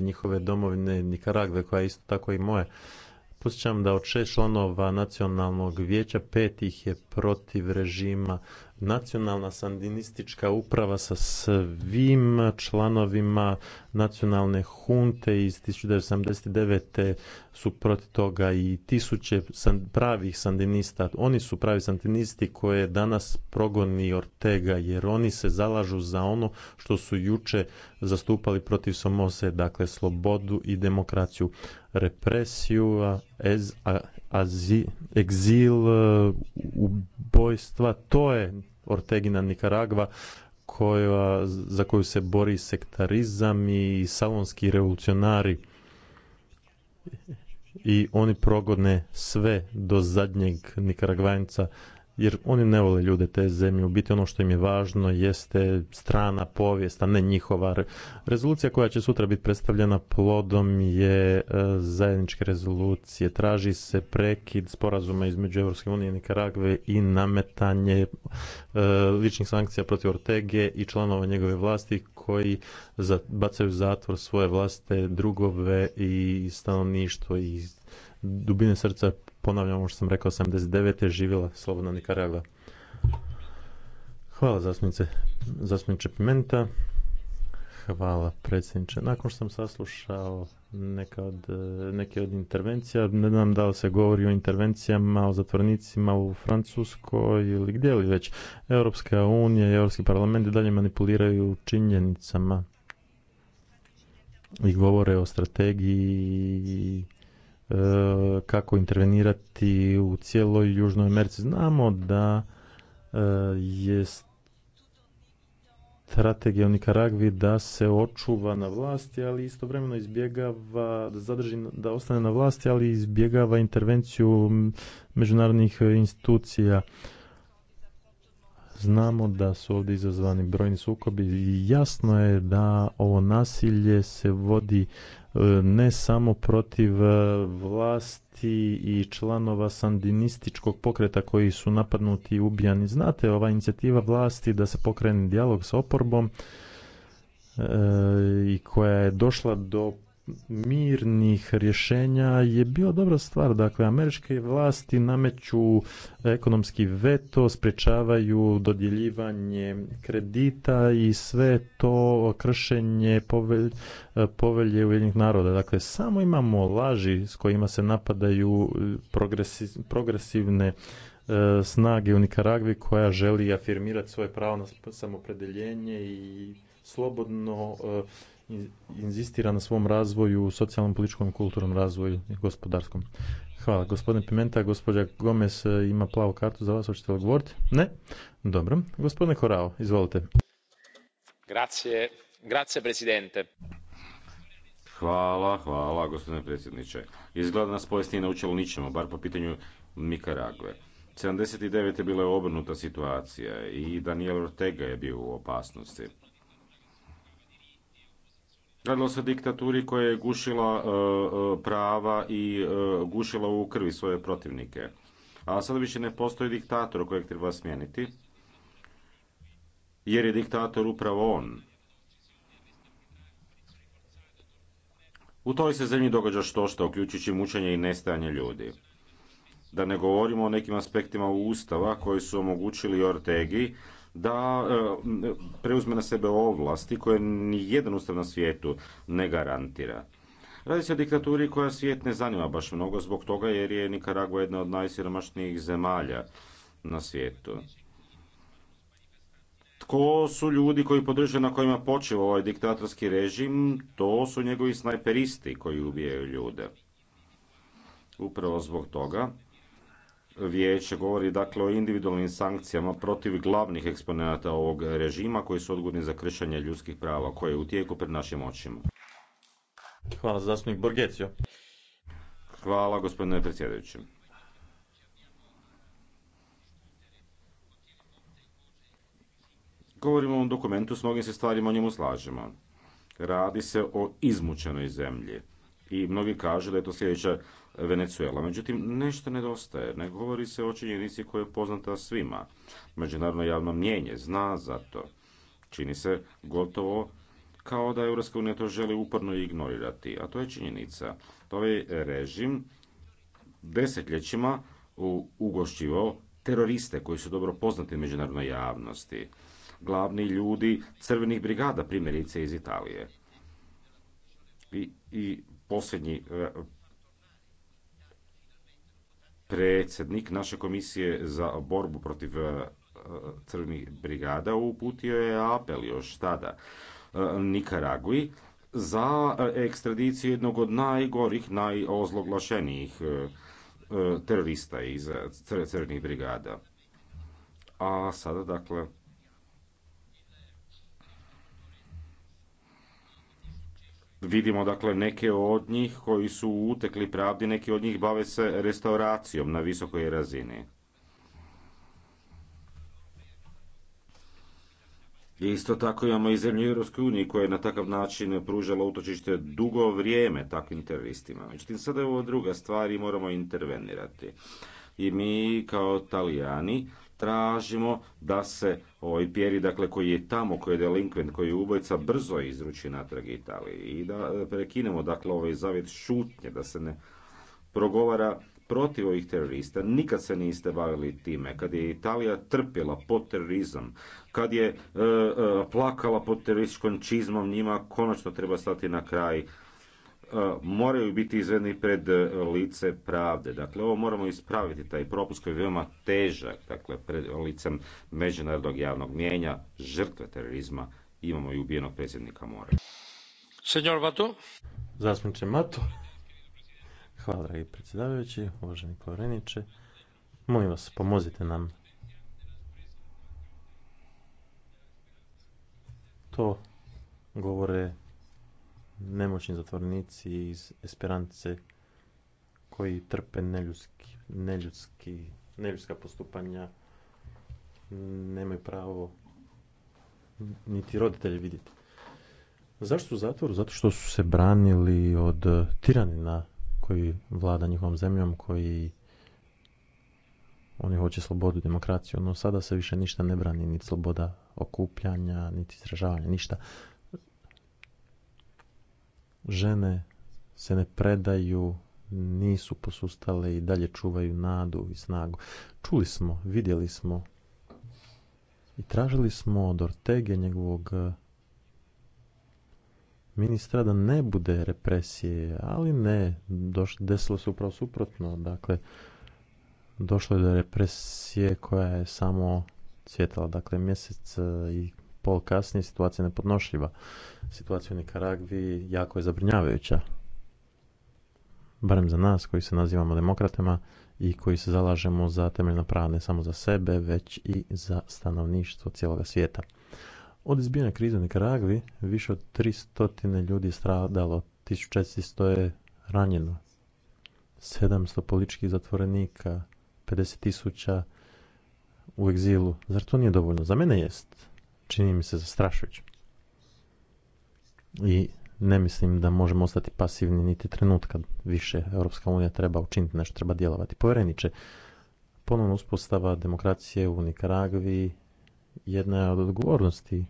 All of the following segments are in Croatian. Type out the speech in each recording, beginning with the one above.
njihove domovine Nikaragve, koja je isto tako i moja. Posjećam da od šest članova nacionalnog vijeća, pet ih je protiv režima nacionalna sandinistička uprava sa svim članovima nacionalne hunte iz 1979. su proti toga i tisuće pravih sandinista. Oni su pravi sandinisti koje danas progoni Ortega jer oni se zalažu za ono što su juče zastupali protiv Somose, dakle slobodu i demokraciju represiju, egzil, e, ubojstva, to je Ortegina Nikaragva koja, za koju se bori sektarizam i salonski revolucionari i oni progodne sve do zadnjeg Nikaragvanca jer oni ne vole ljude te zemlje. U biti ono što im je važno jeste strana povijest, a ne njihova. Rezolucija koja će sutra biti predstavljena plodom je e, zajedničke rezolucije. Traži se prekid sporazuma između Evropske unije i Nikaragve i nametanje e, ličnih sankcija protiv Ortege i članova njegove vlasti koji bacaju zatvor svoje vlaste drugove i stanovništvo i dubine srca ponavljam ovo što sam rekao, 79. živjela Slobodna Nikaragva. Hvala zastupnice, zastupniče Pimenta. Hvala predsjedniče. Nakon što sam saslušao neka od, neke od intervencija, ne znam da li se govori o intervencijama, o zatvornicima u Francuskoj ili gdje li već. Europska unija i Europski parlament i dalje manipuliraju činjenicama i govore o strategiji E, kako intervenirati u cijeloj Južnoj Americi. Znamo da e, je strategija u Nikaragvi da se očuva na vlasti, ali istovremeno izbjegava, da zadrži, da ostane na vlasti, ali izbjegava intervenciju međunarodnih institucija. Znamo da su ovdje izazvani brojni sukobi i jasno je da ovo nasilje se vodi E, ne samo protiv e, vlasti i članova sandinističkog pokreta koji su napadnuti i ubijani. Znate, ova inicijativa vlasti da se pokrene dijalog sa oporbom e, i koja je došla do mirnih rješenja je bio dobra stvar. Dakle, američke vlasti nameću ekonomski veto, sprečavaju dodjeljivanje kredita i sve to kršenje povelje Ujedinjenih naroda. Dakle, samo imamo laži s kojima se napadaju progresivne e, snage u Nikaragvi koja želi afirmirati svoje pravo na samopredeljenje i slobodno e, inzistira na svom razvoju, socijalnom, političkom, kulturnom razvoju i gospodarskom. Hvala. Gospodine Pimenta, gospođa Gomez e, ima plavu kartu za vas, hoćete li Ne? Dobro. Gospodine Korao, izvolite. Grazie, grazie presidente. Hvala, hvala, gospodine predsjedniče. Izgleda nas povijest nije naučilo ničemu, bar po pitanju Nikaragve. 79. je bila obrnuta situacija i Daniel Ortega je bio u opasnosti. Radilo se o diktaturi koja je gušila e, e, prava i e, gušila u krvi svoje protivnike. A sada više ne postoji diktator kojeg treba smijeniti, jer je diktator upravo on. U toj se zemlji događa što što, uključujući mučenje i nestajanje ljudi. Da ne govorimo o nekim aspektima Ustava koji su omogućili Ortegi da e, preuzme na sebe ovlasti koje ni jedan ustav na svijetu ne garantira. Radi se o diktaturi koja svijet ne zanima baš mnogo zbog toga jer je Nikaragua jedna od najsiromašnijih zemalja na svijetu. Tko su ljudi koji podrže na kojima počeva ovaj diktatorski režim? To su njegovi snajperisti koji ubijaju ljude. Upravo zbog toga vijeće govori dakle o individualnim sankcijama protiv glavnih eksponenata ovog režima koji su odgovorni za kršenje ljudskih prava koje je u tijeku pred našim očima. Hvala zastupnik Borgecio. Hvala gospodine predsjedajući. Govorimo o ovom dokumentu, s mnogim se stvarima o njemu slažemo. Radi se o izmučenoj zemlji i mnogi kažu da je to sljedeća Venezuela. Međutim, nešto nedostaje. Ne govori se o činjenici koja je poznata svima. Međunarodno javno mnjenje zna za to. Čini se gotovo kao da Europska unija to želi uporno ignorirati, a to je činjenica. To ovaj režim desetljećima ugošćivao teroriste koji su dobro poznati međunarodnoj javnosti. Glavni ljudi crvenih brigada, primjerice iz Italije. I, i posljednji e, predsjednik naše komisije za borbu protiv e, crvenih brigada uputio je apel još tada e, Nikaragui za ekstradiciju jednog od najgorih, najozloglašenijih e, terorista iz crvenih brigada. A sada dakle Vidimo dakle neke od njih koji su utekli pravdi, neki od njih bave se restauracijom na visokoj razini. Isto tako imamo i zemlje Europske unije koja je na takav način pružala utočište dugo vrijeme takvim teroristima. Međutim, sada je ovo druga stvar i moramo intervenirati. I mi kao Talijani tražimo da se ovaj Pjeri, dakle, koji je tamo, koji je delinkvent, koji je ubojica, brzo izruči natrag Italiji i da e, prekinemo, dakle, ovaj zavjet šutnje, da se ne progovara protiv ovih terorista. Nikad se niste bavili time. Kad je Italija trpjela pod terorizam, kad je e, e, plakala pod terorističkom čizmom, njima konačno treba stati na kraj moraju biti izvedeni pred e, lice pravde. Dakle, ovo moramo ispraviti, taj propust koji je veoma težak, dakle, pred licem međunarodnog javnog mijenja, žrtve terorizma, imamo i ubijenog predsjednika More. Senjor Mato. Mato. Hvala, dragi predsjedavajući, uvaženi povjereniče. Molim vas, pomozite nam. To govore nemoćni zatvornici iz Esperance koji trpe neljudski, neljudski, neljudska postupanja, nemaju pravo niti roditelje vidjeti. Zašto su u zatvoru? Zato što su se branili od tiranina koji vlada njihovom zemljom, koji oni hoće slobodu, i demokraciju, no sada se više ništa ne brani, niti sloboda okupljanja, niti izražavanja, ništa žene se ne predaju nisu posustale i dalje čuvaju nadu i snagu čuli smo vidjeli smo i tražili smo od Ortege njegovog e, ministra da ne bude represije, ali ne, desilo se upravo suprotno. Dakle, došlo je do represije koja je samo cvjetala. Dakle, mjesec e, i pol kasnije situacija nepodnošljiva. Situacija u Nikaragvi jako je zabrinjavajuća. Barem za nas koji se nazivamo demokratama i koji se zalažemo za temeljna prava ne samo za sebe, već i za stanovništvo cijeloga svijeta. Od izbijanja krize u Nikaragvi više od 300 ljudi je stradalo, 1400 je ranjeno, 700 političkih zatvorenika, 50 tisuća u egzilu. Zar to nije dovoljno? Za mene jest čini mi se zastrašujuće. I ne mislim da možemo ostati pasivni niti trenutka više. Europska unija treba učiniti nešto, treba djelovati. Povjereniče, ponovno uspostava demokracije u Nikaragvi jedna je od odgovornosti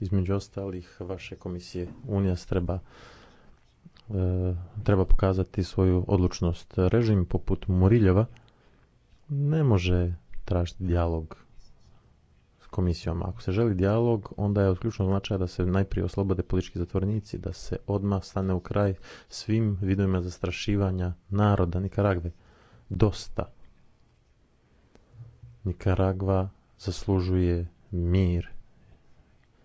između ostalih vaše komisije. Unija treba e, treba pokazati svoju odlučnost. Režim poput Muriljeva ne može tražiti dijalog komisijom. Ako se želi dijalog, onda je od ključnog da se najprije oslobode politički zatvornici, da se odmah stane u kraj svim vidovima zastrašivanja naroda Nikaragve. Dosta. Nikaragva zaslužuje mir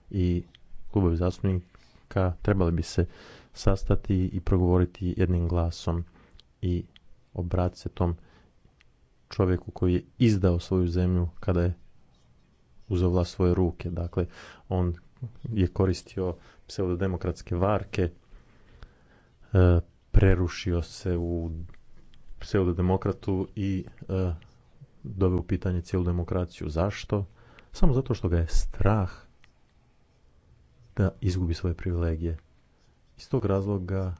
i klubovi zastupnika trebali bi se sastati i progovoriti jednim glasom i obratiti se tom čovjeku koji je izdao svoju zemlju kada je uzovla svoje ruke. Dakle, on je koristio pseudodemokratske varke, e, prerušio se u pseudodemokratu i e, doveo u pitanje cijelu demokraciju. Zašto? Samo zato što ga je strah da izgubi svoje privilegije. Iz tog razloga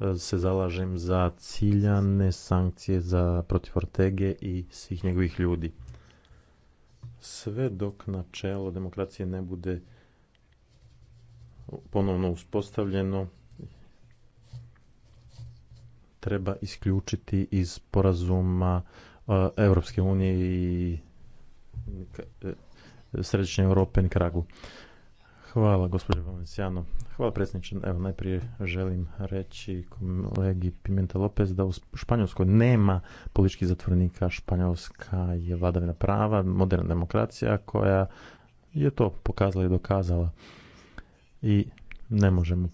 e, se zalažem za ciljane sankcije za protiv Ortege i svih njegovih ljudi sve dok načelo demokracije ne bude ponovno uspostavljeno treba isključiti iz sporazuma Europske unije i e, Središnje Europe kragu. Hvala, gospođo Valencijano. Hvala, predsjedniče. Evo, najprije želim reći kolegi Pimenta Lopez da u Španjolskoj nema političkih zatvornika. Španjolska je vladavina prava, moderna demokracija koja je to pokazala i dokazala. I ne možemo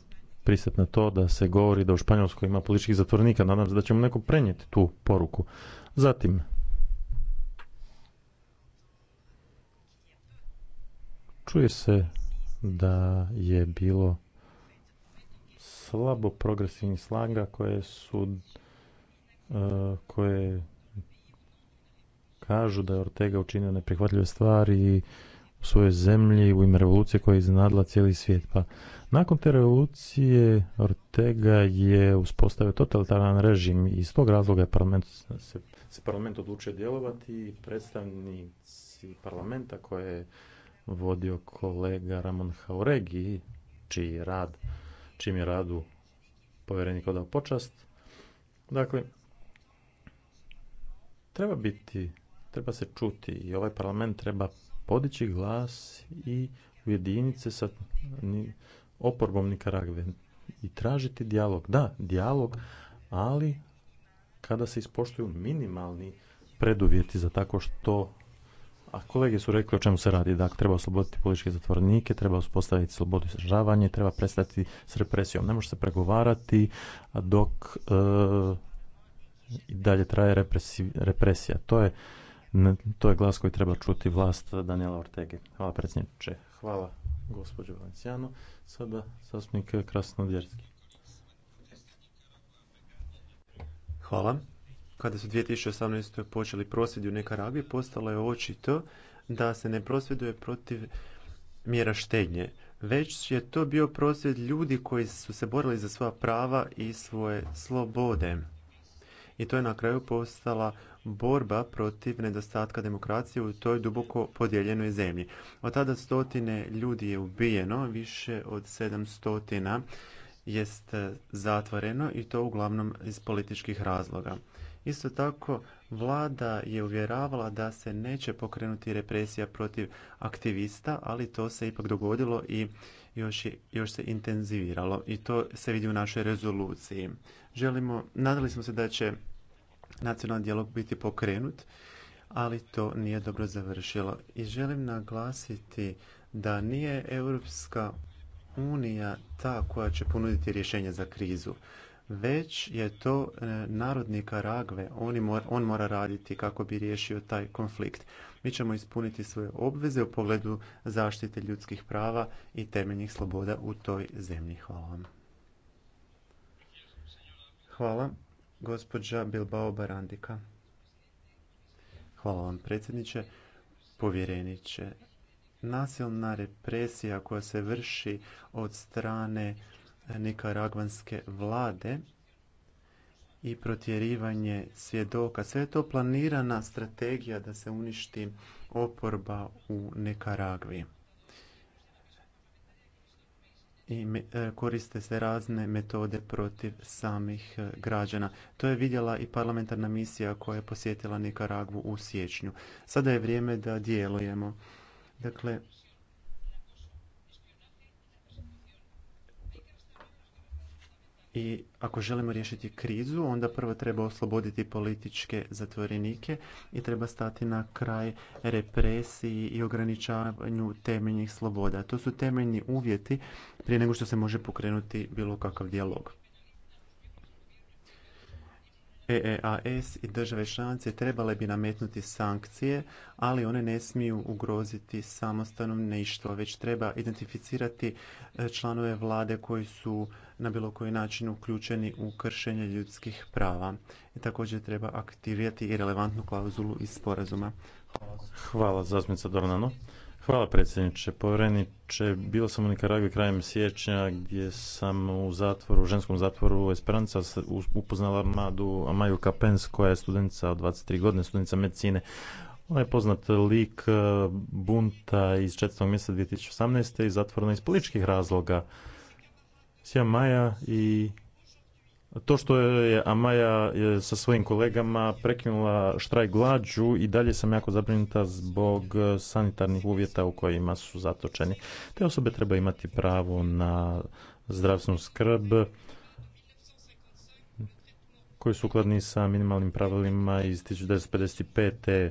pristati na to da se govori da u Španjolskoj ima političkih zatvornika. Nadam se da ćemo neko prenijeti tu poruku. Zatim, čuje se da je bilo slabo progresivnih slaga koje su e, koje kažu da je Ortega učinio neprihvatljive stvari u svojoj zemlji u ime revolucije koja je iznadla cijeli svijet. Pa nakon te revolucije Ortega je uspostavio totalitaran režim i iz tog razloga je parlament, se, se parlament odlučio djelovati i predstavnici parlamenta koje vodio kolega Ramon Hauregi, čiji rad, čim je radu povjerenik odao počast. Dakle, treba biti, treba se čuti i ovaj parlament treba podići glas i ujediniti se sa oporbom Nikaragve i tražiti dijalog. Da, dijalog, ali kada se ispoštuju minimalni preduvjeti za tako što a kolege su rekli o čemu se radi. da dakle, treba osloboditi političke zatvornike, treba uspostaviti slobodu izražavanja, treba prestati s represijom. Ne može se pregovarati dok e, i dalje traje represija. To je, to je glas koji treba čuti vlast Daniela Ortege. Hvala predsjedniče. Hvala gospođo Valencijano. Sada krasno Krasnodjerski. Hvala kada su 2018. počeli prosvjedi u Nikaragvi, postalo je očito da se ne prosvjeduje protiv mjera štednje, već je to bio prosvjed ljudi koji su se borili za svoja prava i svoje slobode. I to je na kraju postala borba protiv nedostatka demokracije u toj duboko podijeljenoj zemlji. Od tada stotine ljudi je ubijeno, više od stotina jest zatvoreno i to uglavnom iz političkih razloga. Isto tako, vlada je uvjeravala da se neće pokrenuti represija protiv aktivista, ali to se ipak dogodilo i još, se intenziviralo i to se vidi u našoj rezoluciji. Želimo, nadali smo se da će nacionalni dijalog biti pokrenut, ali to nije dobro završilo. I želim naglasiti da nije Europska unija ta koja će ponuditi rješenje za krizu već je to e, narodni Karagve. On, mora, on mora raditi kako bi riješio taj konflikt. Mi ćemo ispuniti svoje obveze u pogledu zaštite ljudskih prava i temeljnih sloboda u toj zemlji. Hvala vam. Hvala, gospođa Bilbao Barandika. Hvala vam, predsjedniče, povjereniče. Nasilna represija koja se vrši od strane nikaragvanske vlade i protjerivanje svjedoka. Sve je to planirana strategija da se uništi oporba u Nikaragvi. I e, koriste se razne metode protiv samih e, građana. To je vidjela i parlamentarna misija koja je posjetila Nikaragvu u siječnju. Sada je vrijeme da djelujemo. Dakle, i ako želimo riješiti krizu, onda prvo treba osloboditi političke zatvorenike i treba stati na kraj represiji i ograničavanju temeljnih sloboda. To su temeljni uvjeti prije nego što se može pokrenuti bilo kakav dijalog. EEAS i države članice trebale bi nametnuti sankcije, ali one ne smiju ugroziti samo stanovništvo, već treba identificirati e, članove vlade koji su na bilo koji način uključeni u kršenje ljudskih prava. I također treba aktivirati i relevantnu klauzulu iz sporazuma. Hvala, Hvala predsjedniče. Povjereniče, bio sam u Nikaragvi krajem siječnja gdje sam u zatvoru, u ženskom zatvoru Esperanca upoznala Madu Amaju Kapens koja je studentica od 23 godine, studentica medicine. Ona je poznat lik e, bunta iz četvrtog mjeseca 2018. i zatvorena iz političkih razloga. Sija Maja i to što je Amaja sa svojim kolegama prekinula štrajk glađu i dalje sam jako zabrinuta zbog e, sanitarnih uvjeta u kojima su zatočeni. Te osobe treba imati pravo na zdravstvenu skrb koji su ukladni sa minimalnim pravilima iz 1955.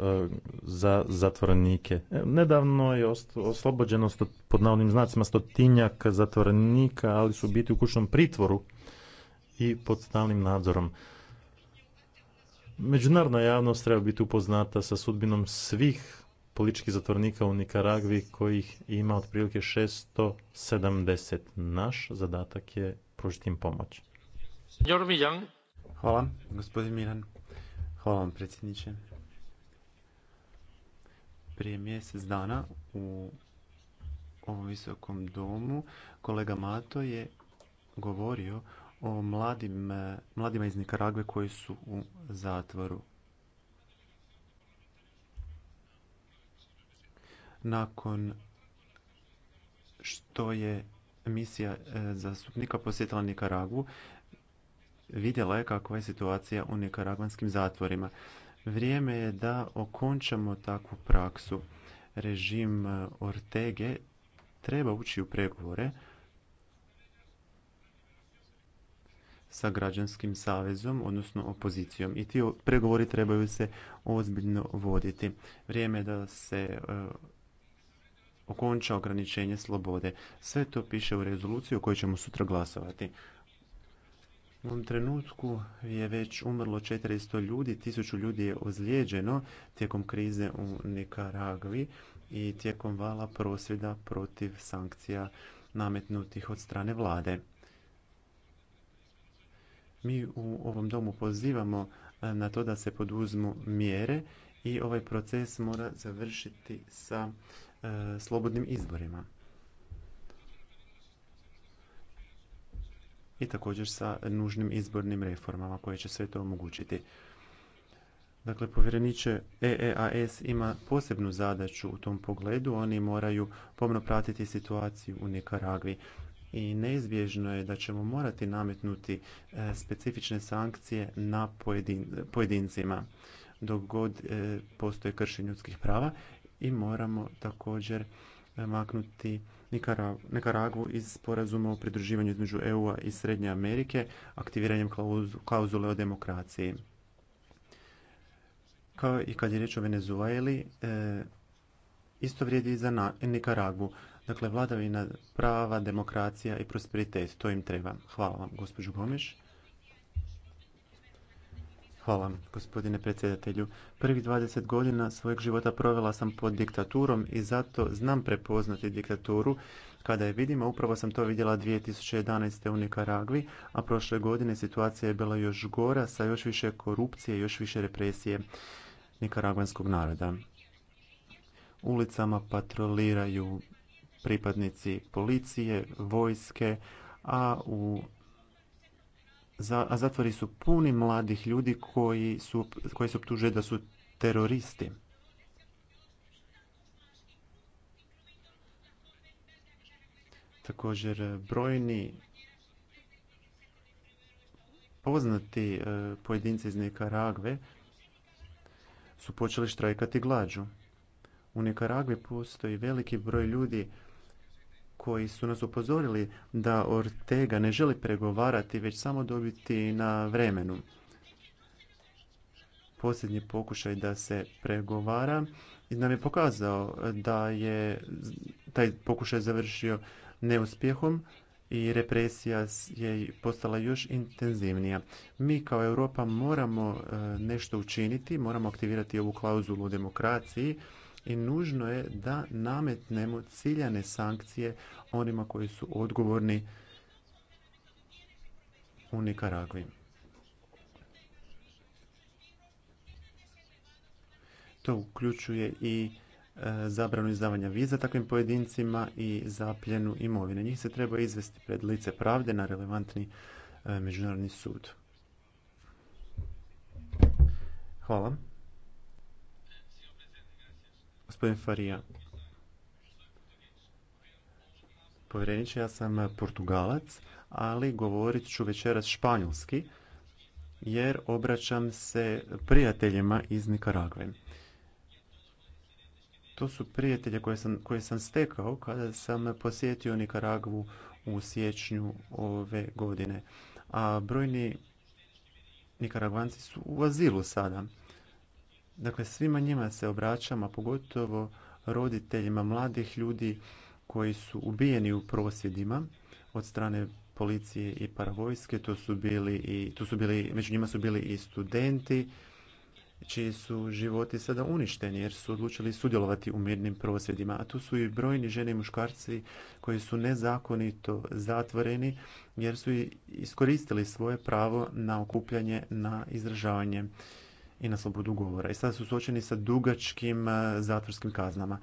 E, za zatvorenike. E, nedavno je oslobođeno pod navodnim znacima stotinjak zatvorenika, ali su biti u kućnom pritvoru i pod stalnim nadzorom. Međunarodna javnost treba biti upoznata sa sudbinom svih političkih zatvornika u Nikaragvi kojih ima otprilike 670. Naš zadatak je pružiti im pomoć. Hvala, gospodin Hvala vam, predsjedniče prije mjesec dana u ovom visokom domu kolega Mato je govorio o mladima iz Nikaragve koji su u zatvoru. Nakon što je misija e, zastupnika posjetila Nikaragvu, vidjela je kakva je situacija u nikaragvanskim zatvorima. Vrijeme je da okončamo takvu praksu. Režim e, Ortege treba ući u pregovore sa građanskim savezom, odnosno opozicijom. I ti pregovori trebaju se ozbiljno voditi. Vrijeme je da se e, okonča ograničenje slobode. Sve to piše u rezoluciji o kojoj ćemo sutra glasovati. U ovom trenutku je već umrlo 400 ljudi, tisuću ljudi je ozlijeđeno tijekom krize u Nikaragvi i tijekom vala prosvjeda protiv sankcija nametnutih od strane vlade. Mi u ovom domu pozivamo eh, na to da se poduzmu mjere i ovaj proces mora završiti sa eh, slobodnim izborima. i također sa nužnim izbornim reformama koje će sve to omogućiti. Dakle, povjereniče EEAS ima posebnu zadaću u tom pogledu. Oni moraju pomno pratiti situaciju u Nikaragvi i neizbježno je da ćemo morati nametnuti e, specifične sankcije na pojedincima dok god e, postoje kršenje ljudskih prava i moramo također e, maknuti Nikaragu iz sporazuma o pridruživanju između EU-a i Srednje Amerike aktiviranjem klauzule o demokraciji. Kao i kad je riječ o Venezueli, e, isto vrijedi i za Nikaragu. Dakle, vladavina prava, demokracija i prosperitet, to im treba. Hvala vam, gospođo Gomiš. Hvala, gospodine predsjedatelju. Prvih 20 godina svojeg života provela sam pod diktaturom i zato znam prepoznati diktaturu. Kada je vidima. upravo sam to vidjela 2011. u Nikaragvi, a prošle godine situacija je bila još gora sa još više korupcije, i još više represije nikaragvanskog naroda. Ulicama patroliraju pripadnici policije, vojske, a u a zatvori su puni mladih ljudi koji su, koji se optužuje da su teroristi. Također brojni poznati e, pojedinci iz Nikaragve su počeli štrajkati glađu. U Nikaragvi postoji veliki broj ljudi koji su nas upozorili da Ortega ne želi pregovarati, već samo dobiti na vremenu. Posljednji pokušaj da se pregovara nam je pokazao da je taj pokušaj završio neuspjehom i represija je postala još intenzivnija. Mi kao Europa moramo e, nešto učiniti, moramo aktivirati ovu klauzulu u demokraciji i nužno je da nametnemo ciljane sankcije onima koji su odgovorni u Nikaragvi. To uključuje i e, zabranu izdavanja viza takvim pojedincima i zapljenu imovine. Njih se treba izvesti pred lice pravde na relevantni e, međunarodni sud. Hvala. Gospodin Farija. Povjereniče, ja sam Portugalac, ali govorit ću večeras španjolski, jer obraćam se prijateljima iz Nikaragve. To su prijatelje koje sam, koje sam stekao kada sam posjetio Nikaragvu u siječnju ove godine. A brojni Nikaragvanci su u azilu sada. Dakle, svima njima se obraćam, a pogotovo roditeljima mladih ljudi koji su ubijeni u prosvjedima od strane policije i paravojske. To su bili i, to su bili, među njima su bili i studenti čiji su životi sada uništeni jer su odlučili sudjelovati u mirnim prosvjedima. A tu su i brojni žene i muškarci koji su nezakonito zatvoreni jer su iskoristili svoje pravo na okupljanje, na izražavanje i na slobodu govora. I sada su suočeni sa dugačkim eh, zatvorskim kaznama.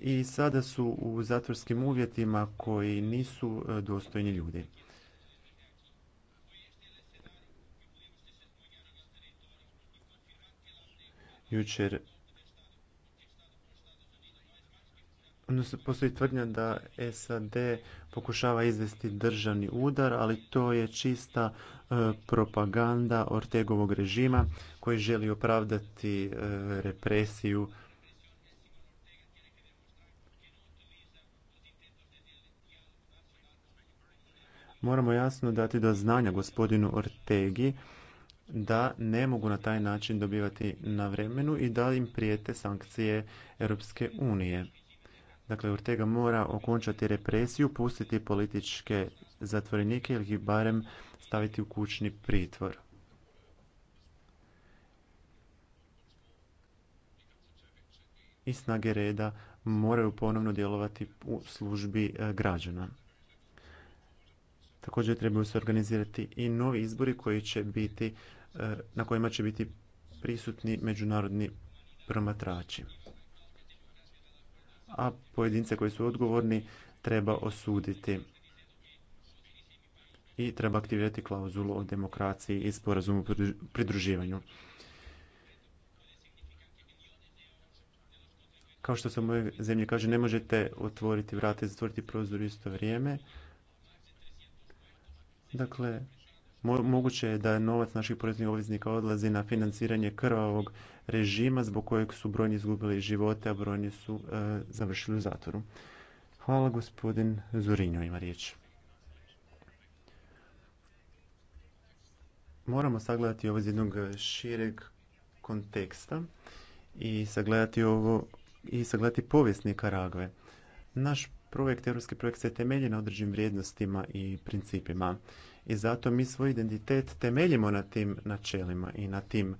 I sada su u zatvorskim uvjetima koji nisu eh, dostojni ljudi. Jučer odnosno postoji tvrdnja da SAD pokušava izvesti državni udar, ali to je čista e, propaganda Ortegovog režima koji želi opravdati e, represiju Moramo jasno dati do znanja gospodinu Ortegi da ne mogu na taj način dobivati na vremenu i da im prijete sankcije Europske unije. Dakle, Ortega mora okončati represiju, pustiti političke zatvorenike ili ih barem staviti u kućni pritvor. I snage reda moraju ponovno djelovati u službi e, građana. Također trebaju se organizirati i novi izbori koji će biti, e, na kojima će biti prisutni međunarodni promatrači a pojedince koji su odgovorni treba osuditi i treba aktivirati klauzulu o demokraciji i sporazumu o pridruživanju. Kao što se u mojoj zemlji kaže, ne možete otvoriti vrate, i zatvoriti prozor u isto vrijeme. Dakle, moguće je da novac naših poreznih obveznika odlazi na financiranje krvavog režima zbog kojeg su brojni izgubili živote, a brojni su e, završili u zatvoru. Hvala gospodin Zorinjo ima riječ. Moramo sagledati ovo iz jednog šireg konteksta i sagledati ovo i sagledati povijesnika ragve Naš projekt, europski projekt se temelji na određenim vrijednostima i principima i zato mi svoj identitet temeljimo na tim načelima i na tim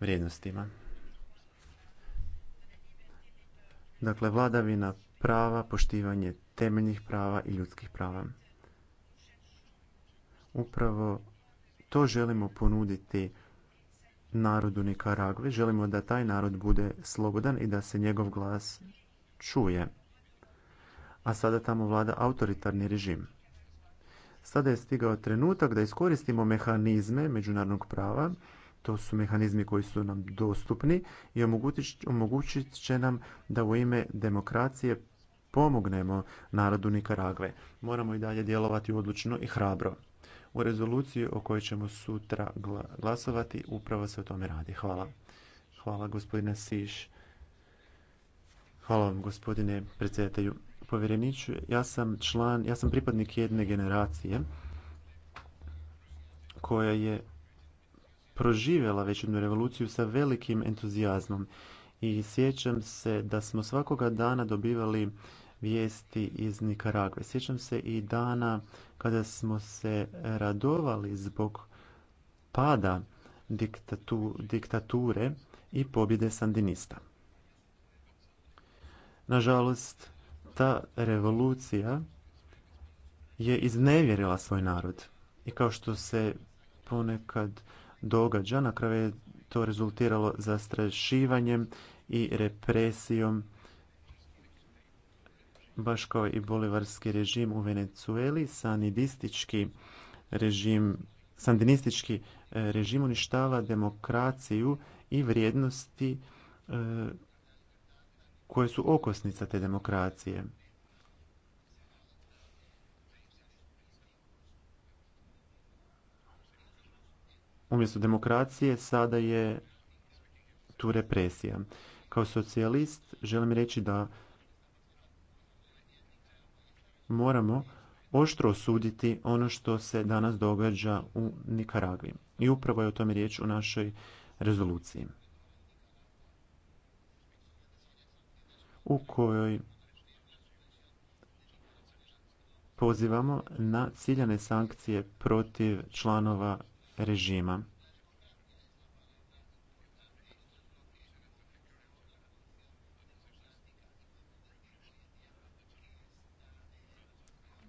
vrijednostima. Dakle, vladavina prava, poštivanje temeljnih prava i ljudskih prava. Upravo to želimo ponuditi narodu Nikaragve. Želimo da taj narod bude slobodan i da se njegov glas čuje. A sada tamo vlada autoritarni režim. Sada je stigao trenutak da iskoristimo mehanizme međunarodnog prava to su mehanizmi koji su nam dostupni i omogućit će nam da u ime demokracije pomognemo narodu Nikaragve. Moramo i dalje djelovati odlučno i hrabro. U rezoluciji o kojoj ćemo sutra glasovati upravo se o tome radi. Hvala. Hvala gospodine Siš. Hvala vam gospodine predsjedatelju. Povjereniću, ja sam član, ja sam pripadnik jedne generacije koja je proživjela već jednu revoluciju sa velikim entuzijazmom i sjećam se da smo svakoga dana dobivali vijesti iz Nikaragve. Sjećam se i dana kada smo se radovali zbog pada diktatu, diktature i pobjede sandinista. Nažalost, ta revolucija je iznevjerila svoj narod i kao što se ponekad događa. Na kraju je to rezultiralo zastrašivanjem i represijom baš kao i bolivarski režim u Venezueli, sanidistički režim, sandinistički e, režim uništava demokraciju i vrijednosti e, koje su okosnica te demokracije. umjesto demokracije sada je tu represija. Kao socijalist želim reći da moramo oštro osuditi ono što se danas događa u Nikaragvi. I upravo je o tome riječ u našoj rezoluciji. u kojoj pozivamo na ciljane sankcije protiv članova režima.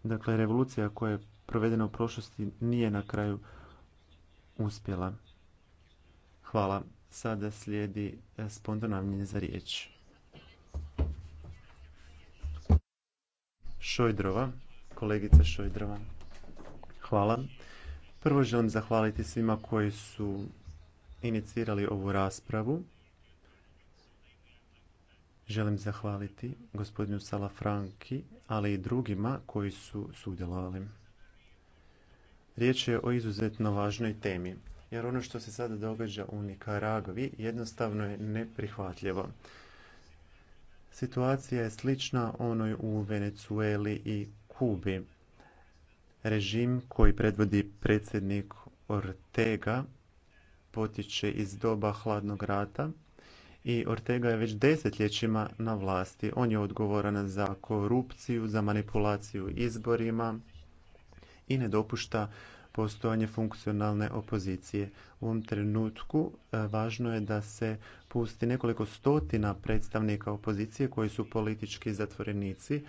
Dakle, revolucija koja je provedena u prošlosti nije na kraju uspjela. Hvala. Sada slijedi e, spontano za riječ. Šojdrova, kolegica Šojdrova. Hvala. Prvo želim zahvaliti svima koji su inicirali ovu raspravu. Želim zahvaliti gospodinu Salafranki, ali i drugima koji su sudjelovali. Riječ je o izuzetno važnoj temi, jer ono što se sada događa u Nikaragvi jednostavno je neprihvatljivo. Situacija je slična onoj u Venecueli i Kubi režim koji predvodi predsjednik ortega potiče iz doba hladnog rata i ortega je već desetljećima na vlasti on je odgovoran za korupciju za manipulaciju izborima i ne dopušta postojanje funkcionalne opozicije. U ovom trenutku e, važno je da se pusti nekoliko stotina predstavnika opozicije koji su politički zatvorenici.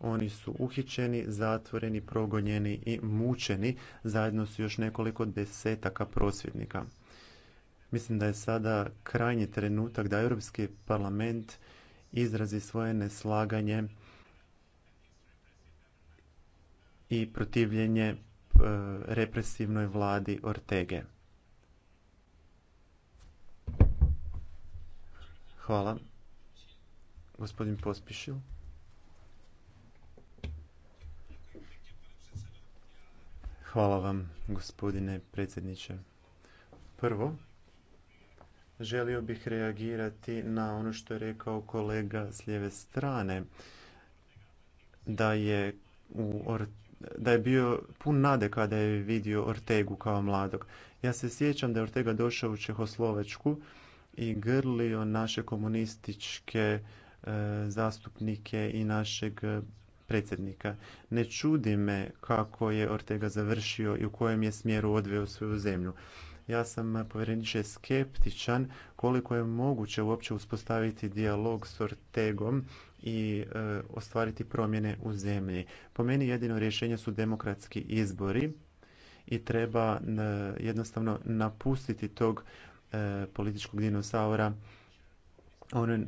Oni su uhićeni, zatvoreni, progonjeni i mučeni zajedno s još nekoliko desetaka prosvjednika. Mislim da je sada krajnji trenutak da Europski parlament izrazi svoje neslaganje i protivljenje Eh, represivnoj vladi Ortege. Hvala. Gospodin Pospišil. Hvala vam, gospodine predsjedniče. Prvo, želio bih reagirati na ono što je rekao kolega s lijeve strane, da je u Ortega da je bio pun nade kada je vidio Ortegu kao mladog. Ja se sjećam da je Ortega došao u Čehoslovačku i grlio naše komunističke e, zastupnike i našeg predsjednika. Ne čudi me kako je Ortega završio i u kojem je smjeru odveo svoju zemlju. Ja sam e, povjereniče skeptičan koliko je moguće uopće uspostaviti dijalog s Ortegom i e, ostvariti promjene u zemlji. Po meni jedino rješenje su demokratski izbori i treba e, jednostavno napustiti tog e, političkog dinosaura. On,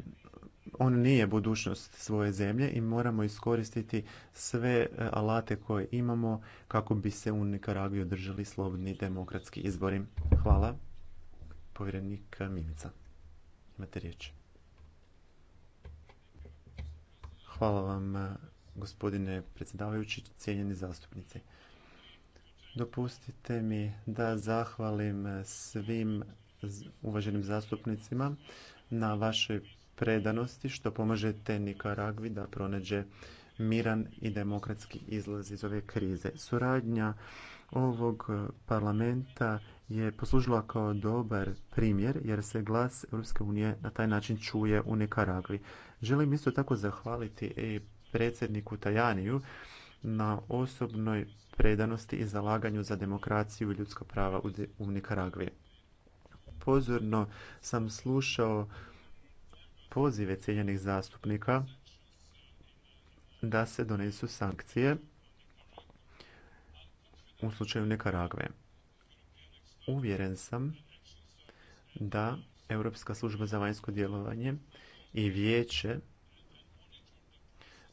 on nije budućnost svoje zemlje i moramo iskoristiti sve alate koje imamo kako bi se u Nikaragvi održali slobodni demokratski izbori. Hvala. Povjerenik Mimica. Imate riječ. Hvala vam, eh, gospodine predsjedavajući, cijenjeni zastupnici. Dopustite mi da zahvalim eh, svim uvaženim zastupnicima na vašoj predanosti što pomažete Nikaragvi da pronađe miran i demokratski izlaz iz ove krize. Suradnja ovog eh, parlamenta je poslužila kao dobar primjer jer se glas Europske unije na taj način čuje u Nikaragvi. Želim isto tako zahvaliti i predsjedniku Tajaniju na osobnoj predanosti i zalaganju za demokraciju i ljudska prava u Nikaragvi. Pozorno sam slušao pozive cijenjenih zastupnika da se donesu sankcije u slučaju Nikaragve uvjeren sam da Europska služba za vanjsko djelovanje i vijeće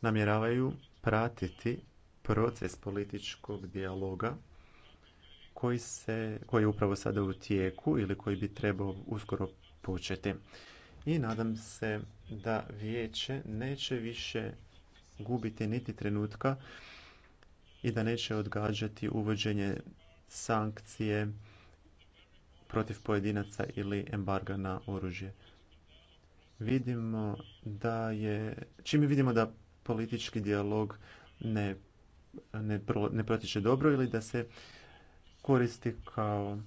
namjeravaju pratiti proces političkog dijaloga koji, koji je upravo sada u tijeku ili koji bi trebao uskoro početi. I nadam se da vijeće neće više gubiti niti trenutka i da neće odgađati uvođenje sankcije protiv pojedinaca ili embarga na oružje. Vidimo da je, čime vidimo da politički dijalog ne, protiče dobro ili da se koristi kao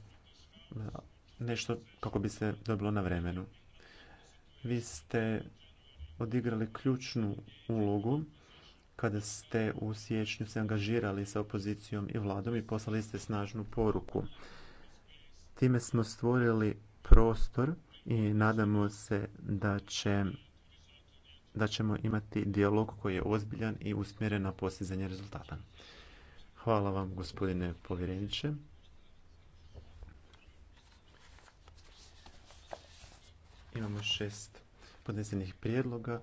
nešto kako bi se dobilo na vremenu. Vi ste odigrali ključnu ulogu kada ste u siječnju se angažirali sa opozicijom i vladom i poslali ste snažnu poruku time smo stvorili prostor i nadamo se da, da ćemo imati dijalog koji je ozbiljan i usmjeren na postizanje rezultata. Hvala vam gospodine povjereniče. Imamo šest podnesenih prijedloga.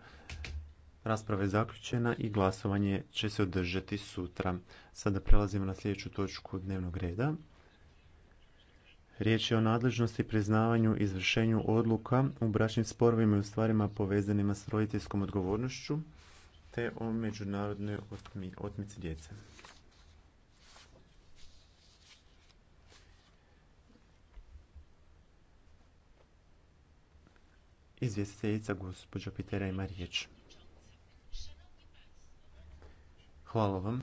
Rasprava je zaključena i glasovanje će se održati sutra. Sada prelazimo na sljedeću točku dnevnog reda. Riječ je o nadležnosti, priznavanju i izvršenju odluka u bračnim sporovima i u stvarima povezanima s roditeljskom odgovornošću te o međunarodnoj otmici djece. Izvjestiteljica gospođa Pitera ima riječ. Hvala vam,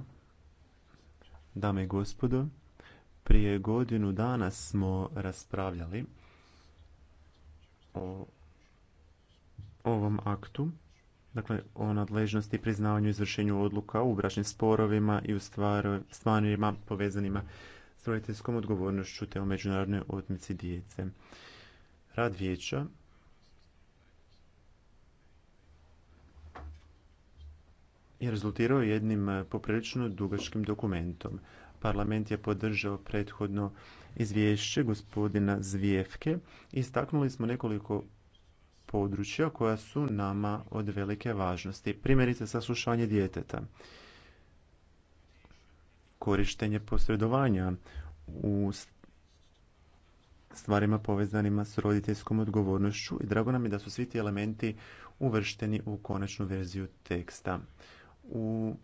dame i gospodo prije godinu dana smo raspravljali o ovom aktu dakle o nadležnosti priznavanju i izvršenju odluka u bračnim sporovima i u stvarima povezanima s roditeljskom odgovornošću te o međunarodnoj otmici djece. Rad vijeća je rezultirao jednim poprilično dugačkim dokumentom parlament je podržao prethodno izvješće gospodina Zvijevke. Istaknuli smo nekoliko područja koja su nama od velike važnosti. Primjerice saslušanje djeteta, korištenje posredovanja u stvarima povezanima s roditeljskom odgovornošću i drago nam je da su svi ti elementi uvršteni u konačnu verziju teksta. U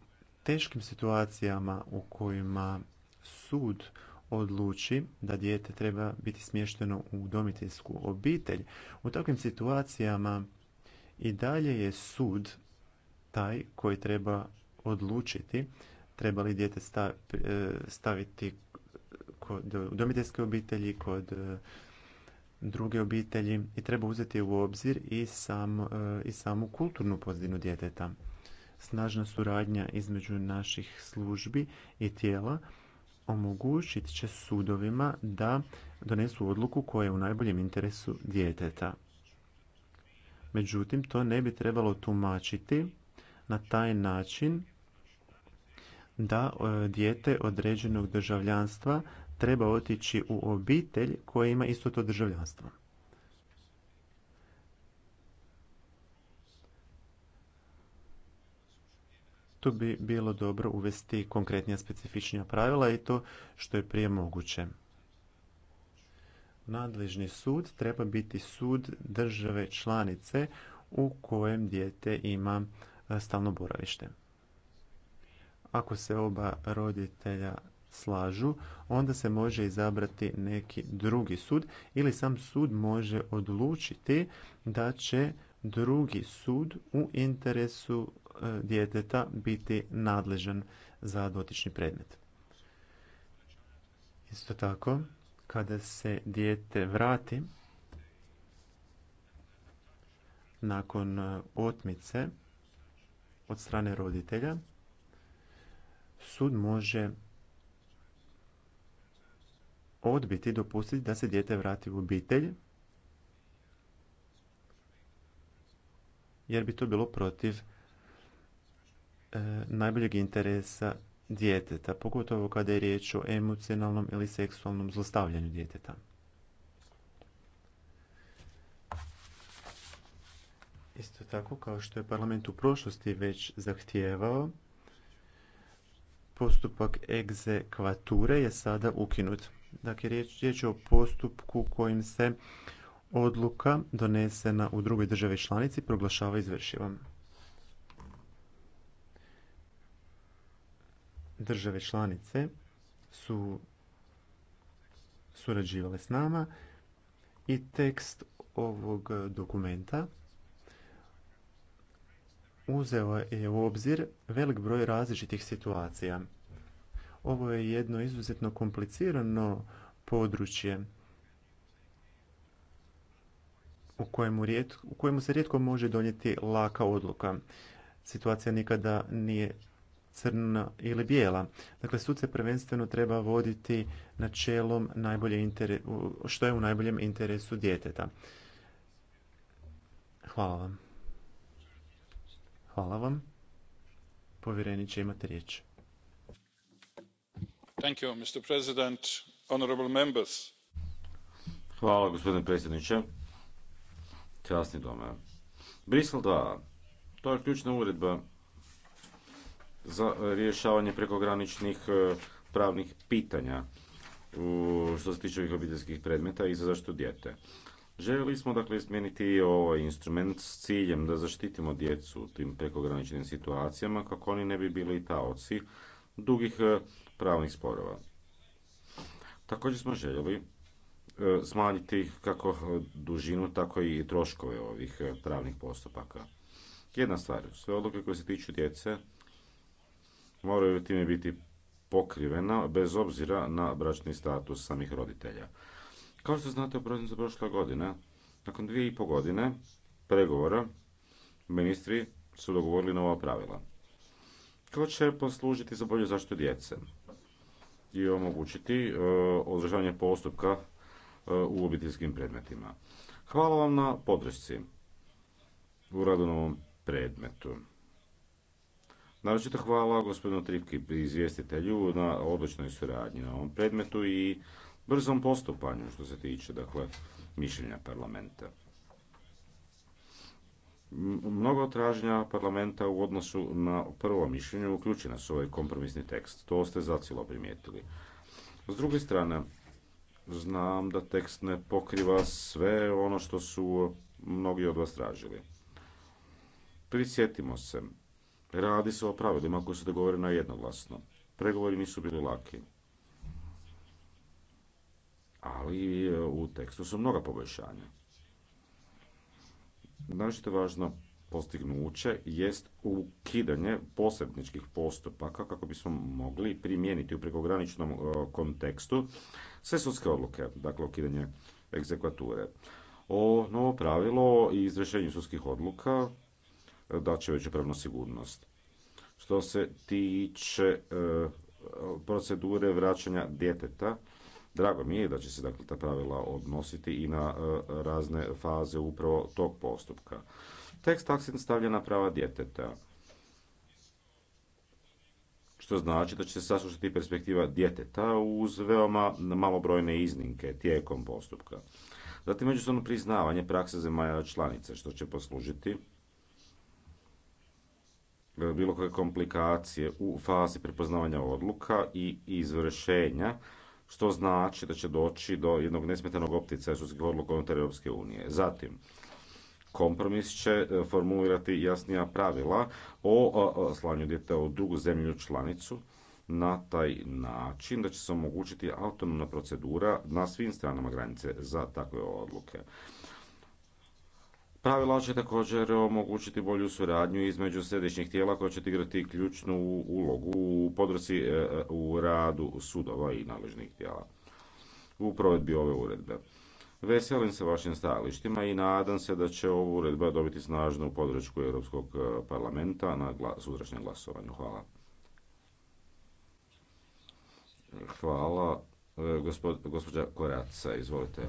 teškim situacijama u kojima sud odluči da dijete treba biti smješteno u udomiteljsku obitelj u takvim situacijama i dalje je sud taj koji treba odlučiti treba li dijete e, staviti kod udomiteljske obitelji kod e, druge obitelji i treba uzeti u obzir i, e, i samu kulturnu pozadinu djeteta snažna suradnja između naših službi i tijela omogućit će sudovima da donesu odluku koja je u najboljem interesu djeteta. Međutim, to ne bi trebalo tumačiti na taj način da e, dijete određenog državljanstva treba otići u obitelj koja ima isto to državljanstvo. bi bilo dobro uvesti konkretnija specifičnija pravila i to što je prije moguće. Nadležni sud treba biti sud države članice u kojem dijete ima e, stalno boravište. Ako se oba roditelja slažu, onda se može izabrati neki drugi sud ili sam sud može odlučiti da će drugi sud u interesu E, djeteta biti nadležan za dotični predmet. Isto tako, kada se dijete vrati nakon e, otmice od strane roditelja, sud može odbiti dopustiti da se dijete vrati u obitelj jer bi to bilo protiv E, najboljeg interesa djeteta, pogotovo kada je riječ o emocionalnom ili seksualnom zlostavljanju djeteta. Isto tako kao što je parlament u prošlosti već zahtijevao, postupak egzekvature je sada ukinut. Dakle, riječ, riječ je o postupku kojim se odluka donesena u drugoj državi članici proglašava izvršivom. države članice su surađivale s nama i tekst ovog dokumenta uzeo je u obzir velik broj različitih situacija. Ovo je jedno izuzetno komplicirano područje u kojemu, u kojemu se rijetko može donijeti laka odluka. Situacija nikada nije crna ili bijela. Dakle, sud se prvenstveno treba voditi načelom najbolje što je u najboljem interesu djeteta. Hvala vam. Hvala vam. Povjereniće, imate riječ. Thank you, Mr. President, honorable members. Hvala, gospodine predsjedniče. Časni doma. Brisel To je ključna uredba za rješavanje prekograničnih e, pravnih pitanja što se tiče ovih obiteljskih predmeta i za zaštitu djete. Željeli smo dakle izmijeniti ovaj instrument s ciljem da zaštitimo djecu u tim prekograničnim situacijama kako oni ne bi bili taoci dugih e, pravnih sporova. Također smo željeli e, smanjiti kako dužinu, tako i troškove ovih pravnih postupaka. Jedna stvar, sve odluke koje se tiču djece moraju time biti pokrivena bez obzira na bračni status samih roditelja. Kao što znate u prosincu prošle godine, nakon dvije i pol godine pregovora, ministri su dogovorili nova pravila. koja će poslužiti za bolju zaštitu djece i omogućiti e, održavanje postupka e, u obiteljskim predmetima. Hvala vam na podršci u radu na ovom predmetu. Naročito hvala gospodinu Tripki izvjestitelju na odličnoj suradnji na ovom predmetu i brzom postupanju što se tiče dakle, mišljenja parlamenta. Mnogo tražnja parlamenta u odnosu na prvo mišljenje uključena su ovaj kompromisni tekst. To ste zacijelo primijetili. S druge strane, znam da tekst ne pokriva sve ono što su mnogi od vas tražili. Prisjetimo se, Radi se o pravilima koji su dogovorena jednoglasno. Pregovori nisu bili laki. Ali e, u tekstu su mnoga poboljšanja. što je važno postignuće jest ukidanje posebničkih postupaka kako bismo mogli primijeniti u prekograničnom e, kontekstu sve sudske odluke, dakle ukidanje egzekvature. O ono novo pravilo i izvršenju sudskih odluka da će veću pravnu sigurnost. Što se tiče e, procedure vraćanja djeteta, Drago mi je da će se dakle ta pravila odnositi i na e, razne faze upravo tog postupka. Tekst akcent stavlja na prava djeteta, što znači da će se saslušati perspektiva djeteta uz veoma malobrojne iznimke tijekom postupka. Zatim međusobno priznavanje prakse zemalja članice, što će poslužiti E, bilo kakve komplikacije u fazi prepoznavanja odluka i izvršenja, što znači da će doći do jednog nesmetanog optica sudskih odluka unutar Europske unije. Zatim, kompromis će e, formulirati jasnija pravila o slanju djeta u drugu zemlju članicu na taj način da će se omogućiti autonomna procedura na svim stranama granice za takve odluke. Pravila će također omogućiti bolju suradnju između središnjih tijela koja će igrati ključnu ulogu u podršci e, e, u radu sudova i nadležnih tijela u provedbi ove uredbe. Veselim se vašim stajalištima i nadam se da će ova uredba dobiti snažnu podršku Europskog e, parlamenta na sutrašnjem glasovanju. Hvala. Hvala. gospođa Koraca, izvolite.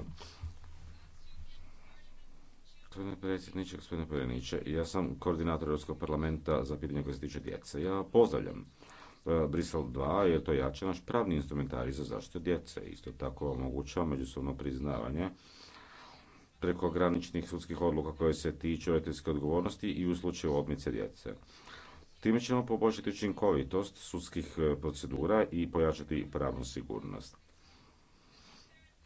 Gospodine predsjedniče, gospodine predsjedniče, ja sam koordinator Europskog parlamenta za pitanje koje se tiče djece. Ja pozdravljam e, Brisel 2 jer to jača naš pravni instrumentarij za zaštitu djece. Isto tako omogućava međusobno priznavanje graničnih sudskih odluka koje se tiču roditeljske odgovornosti i u slučaju odmice djece. Time ćemo poboljšati učinkovitost sudskih e, procedura i pojačati pravnu sigurnost.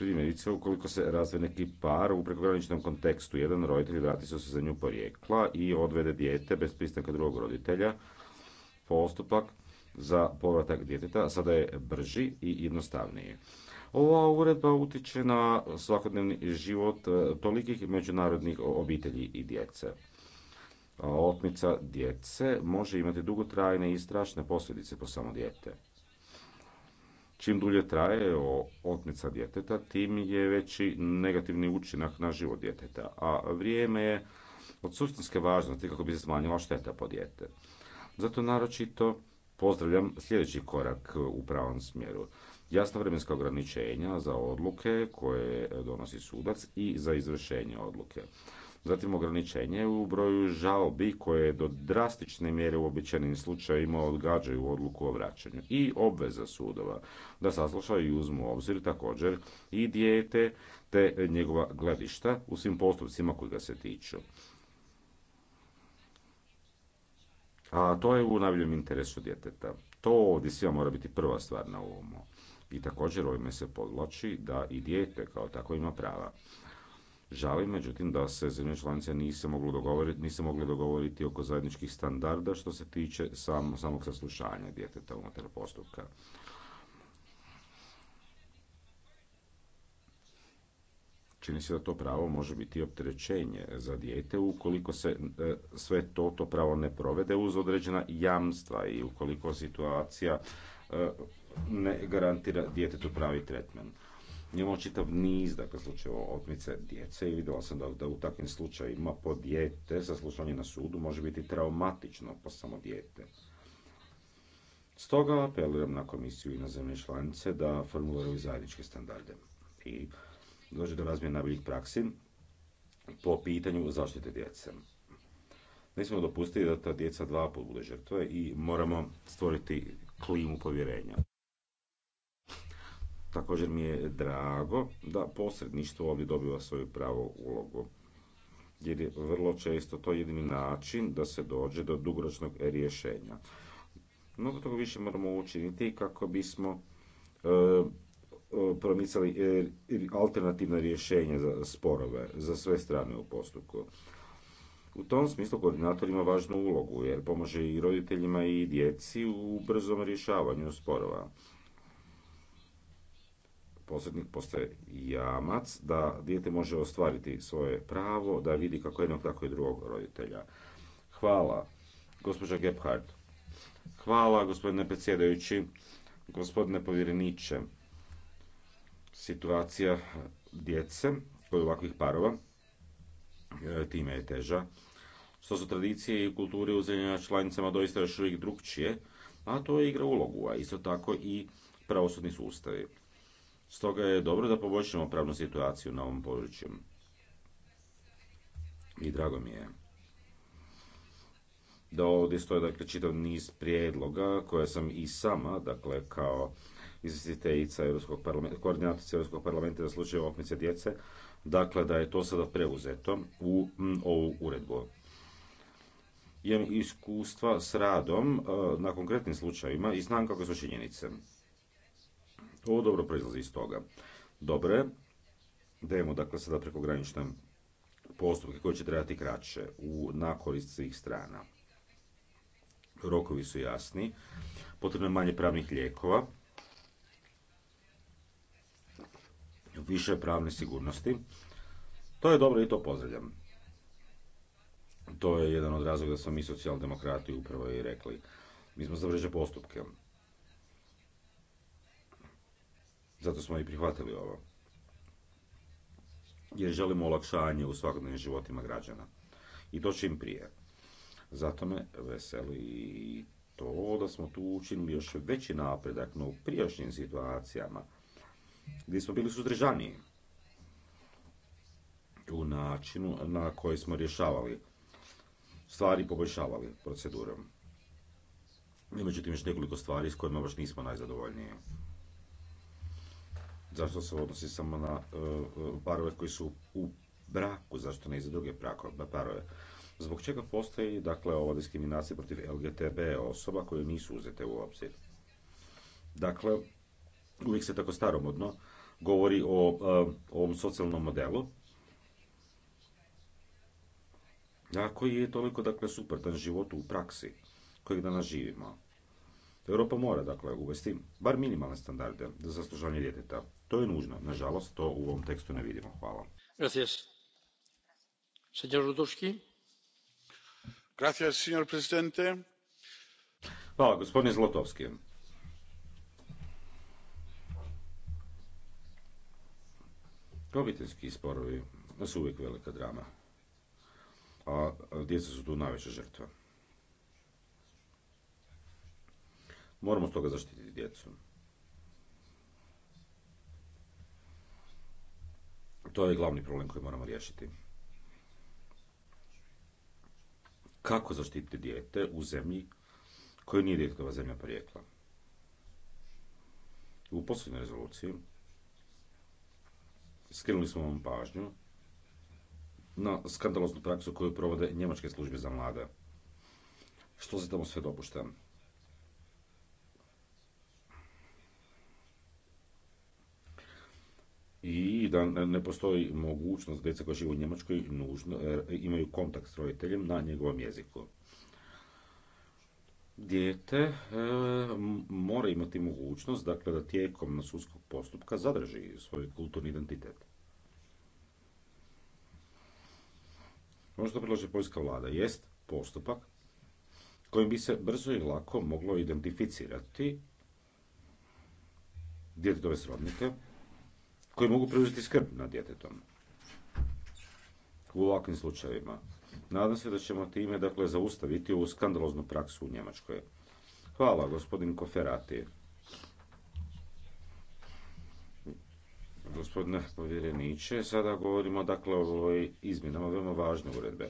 Primjerice, ukoliko se razve neki par u prekograničnom kontekstu, jedan roditelj vrati se za nju porijekla i odvede dijete bez pristanka drugog roditelja, postupak za povratak djeteta sada je brži i jednostavniji. Ova uredba utiče na svakodnevni život e, tolikih međunarodnih obitelji i djece. Otmica djece može imati dugotrajne i strašne posljedice po samo dijete. Čim dulje traje otmica djeteta, tim je veći negativni učinak na život djeteta, a vrijeme je od suštinske važnosti kako bi se smanjila šteta po dijete. Zato naročito pozdravljam sljedeći korak u pravom smjeru. Jasna vremenska ograničenja za odluke koje donosi sudac i za izvršenje odluke. Zatim ograničenje u broju žalbi koje do drastične mjere u običajnim slučajevima odgađaju odluku o vraćanju i obveza sudova da saslušaju i uzmu u obzir također i dijete te njegova gledišta u svim postupcima koji ga se tiču. A to je u najboljem interesu djeteta. To ovdje svima mora biti prva stvar na umu. I također ovime se podlači da i dijete kao tako ima prava. Žalim međutim da se zemlje članice nisu mogle dogovoriti, mogli dogovoriti oko zajedničkih standarda što se tiče samog saslušanja djeteta unutar postupka. Čini se da to pravo može biti opterećenje za dijete ukoliko se e, sve to, to pravo ne provede uz određena jamstva i ukoliko situacija e, ne garantira djetetu pravi tretman. Imamo čitav niz, dakle, slučajeva otmice djece i vidjela sam da, da u takvim slučajima po dijete saslušanje na sudu može biti traumatično po samo dijete. Stoga apeliram na komisiju i na zemlje članice da formuliraju zajedničke standarde i dođe do razmjena najboljih praksi po pitanju zaštite djece. Ne smo dopustiti da ta djeca dva put bude žrtve i moramo stvoriti klimu povjerenja. Također mi je drago da posredništvo ovdje dobiva svoju pravu ulogu jer je vrlo često to jedini način da se dođe do dugoročnog rješenja. Mnogo toga više moramo učiniti kako bismo e, e, promicali e, alternativna rješenja za sporove za sve strane u postupku. U tom smislu koordinator ima važnu ulogu jer pomaže i roditeljima i djeci u brzom rješavanju sporova posrednik postaje jamac da dijete može ostvariti svoje pravo da vidi kako jednog tako i drugog roditelja. Hvala, gospođa Gebhardt. Hvala, gospodine predsjedajući, gospodine povjereniče. Situacija djece kod ovakvih parova e, time je teža. Što su tradicije i kulture u zemljama članicama doista još uvijek drugčije, a to je igra ulogu, a isto tako i pravosudni sustavi. Stoga je dobro da poboljšamo pravnu situaciju na ovom području. I drago mi je da ovdje stoje dakle, čitav niz prijedloga koje sam i sama, dakle kao izvjestiteljica Europskog parlamenta, Europskog parlamenta za slučaj okmice djece, dakle da je to sada preuzeto u ovu uredbu. Imam iskustva s radom e, na konkretnim slučajevima i znam kako su činjenice. Ovo dobro proizlazi iz toga. Dobro je dakle sada prekogranične postupke koji će trebati kraće u nakorist svih strana. Rokovi su jasni, potrebno je manje pravnih lijekova, više pravne sigurnosti. To je dobro i to pozdravljam. To je jedan od razloga da smo mi socijaldemokrati upravo i rekli. Mi smo za postupke. Zato smo i prihvatili ovo. Jer želimo olakšanje u svakodnevnim životima građana. I to čim prije. Zato me veseli i to da smo tu učinili još veći napredak no u prijašnjim situacijama gdje smo bili suzdržaniji u načinu na koji smo rješavali stvari poboljšavali procedurom. Međutim, još nekoliko stvari s kojima baš nismo najzadovoljniji. Zašto se odnosi samo na e, e, parove koji su u braku, zašto ne i za druge parove? Zbog čega postoji dakle ova diskriminacija protiv LGTB osoba koje nisu uzete u obzir? Dakle, uvijek se tako staromodno govori o e, ovom socijalnom modelu. koji je toliko dakle suprotan životu u praksi kojeg danas živimo. Europa mora, dakle, uvesti bar minimalne standarde za zaslužanje djeteta. To je nužno. Nažalost, to u ovom tekstu ne vidimo. Hvala. Gracias. Señor Gracias, presidente. Hvala, gospodine Zlotovski. Obiteljski sporovi su uvijek velika drama, a djeca su tu najveća žrtva. Moramo stoga zaštititi djecu. To je glavni problem koji moramo riješiti. Kako zaštititi dijete u zemlji koju nije djetkova zemlja porijekla? U posljednjoj rezoluciji skrenuli smo vam pažnju na skandaloznu praksu koju provode njemačke službe za mlade. Što se tamo sve dopušta? i da ne postoji mogućnost djeca koja žive u Njemačkoj nužno, e, imaju kontakt s roditeljem na njegovom jeziku. Dijete e, mora imati mogućnost dakle, da tijekom na sudskog postupka zadrži svoj kulturni identitet. Ono što predlaže poljska vlada jest postupak kojim bi se brzo i lako moglo identificirati djetetove srodnike, koji mogu preuzeti skrb nad djetetom u ovakvim slučajevima. Nadam se da ćemo time dakle zaustaviti ovu skandaloznu praksu u Njemačkoj. Hvala gospodin Koferati. Gospodine povjereniče, sada govorimo dakle o ovoj izmjenama veoma važne uredbe.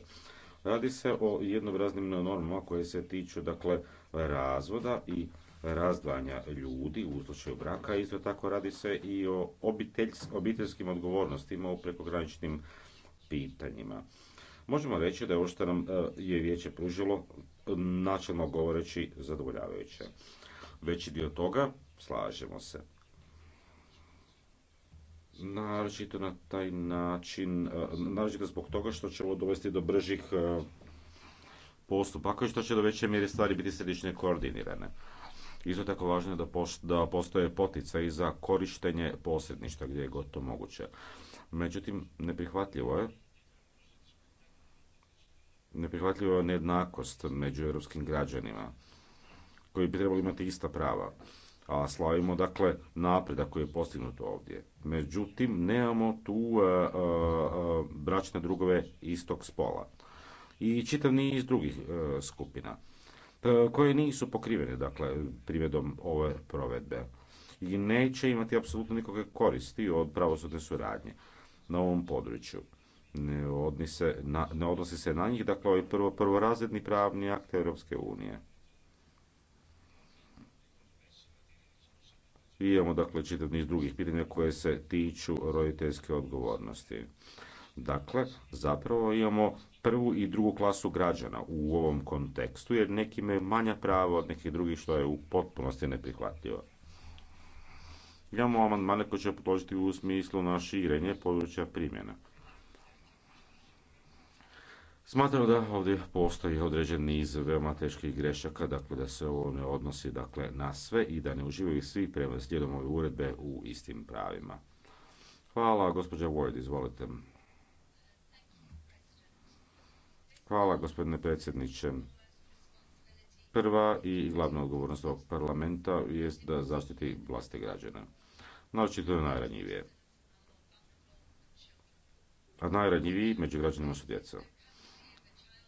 Radi se o jednobraznim normama koje se tiču dakle razvoda i razdvanja ljudi u slučaju braka. Isto tako radi se i o obiteljskim odgovornostima u prekograničnim pitanjima. Možemo reći da je ovo što nam e, je vijeće pružilo načelno govoreći zadovoljavajuće. Veći dio toga slažemo se. Naročito na taj način, e, naročito zbog toga što će ovo dovesti do bržih e, postupaka i što će do veće mjere stvari biti središnje koordinirane. Isto tako važno je da, da postoje i za korištenje posredništva gdje je to moguće. Međutim, neprihvatljivo je neprihvatljivo je nejednakost među europskim građanima koji bi trebali imati ista prava. A slavimo dakle napredak koji je postignut ovdje. Međutim, nemamo tu e, e, e, bračne drugove istog spola i čitav niz drugih skupina. E, koje nisu pokrivene dakle, primjedom ove provedbe i neće imati apsolutno nikakve koristi od pravosudne suradnje na ovom području. Ne, odnise, na, ne odnosi se na njih, dakle, ovaj prvo, prvorazredni pravni akt Europske unije. I imamo, dakle, čitav niz drugih pitanja koje se tiču roditeljske odgovornosti. Dakle, zapravo imamo prvu i drugu klasu građana u ovom kontekstu, jer neki imaju manja prava od nekih drugih, što je u potpunosti neprihvatljivo. Imamo amandmane koje će podložiti u smislu na širenje područja primjena. Smatram da ovdje postoji određen niz veoma teških grešaka, dakle da se ovo ne odnosi dakle, na sve i da ne uživaju svi prema slijedom ove uredbe u istim pravima. Hvala, gospođa Ward, izvolite. Hvala gospodine predsjedniče. Prva i glavna odgovornost ovog parlamenta jest da zaštiti vlasti građana. Naočito je najranjivije. A najranjiviji među građanima su djeca.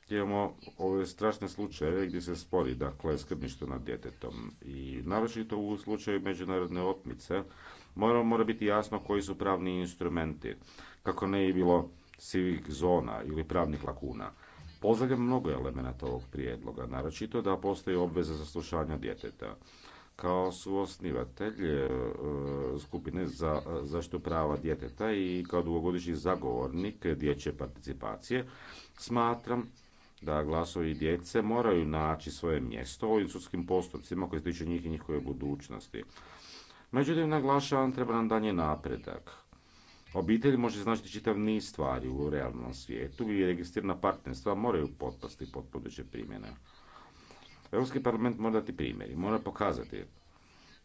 Imamo ove strašne slučajeve gdje se spori, dakle, skrbništvo nad djetetom. I naročito u slučaju međunarodne otmice mora, mora biti jasno koji su pravni instrumenti, kako ne je bilo sivih zona ili pravnih lakuna. Pozdravljam mnogo elemenata ovog prijedloga, naročito da postoji obveza slušanje djeteta kao su osnivatelj e, skupine za zaštitu prava djeteta i kao dugogodišnji zagovornik dječje participacije, smatram da glasovi djece moraju naći svoje mjesto u sudskim postupcima koji se tiču njih i njihove budućnosti. Međutim, naglašavam, treba nam danje napredak Obitelj može značiti čitav niz stvari u realnom svijetu i registrirana partnerstva moraju potpasti pod područje primjene. Europski parlament mora dati primjer i mora pokazati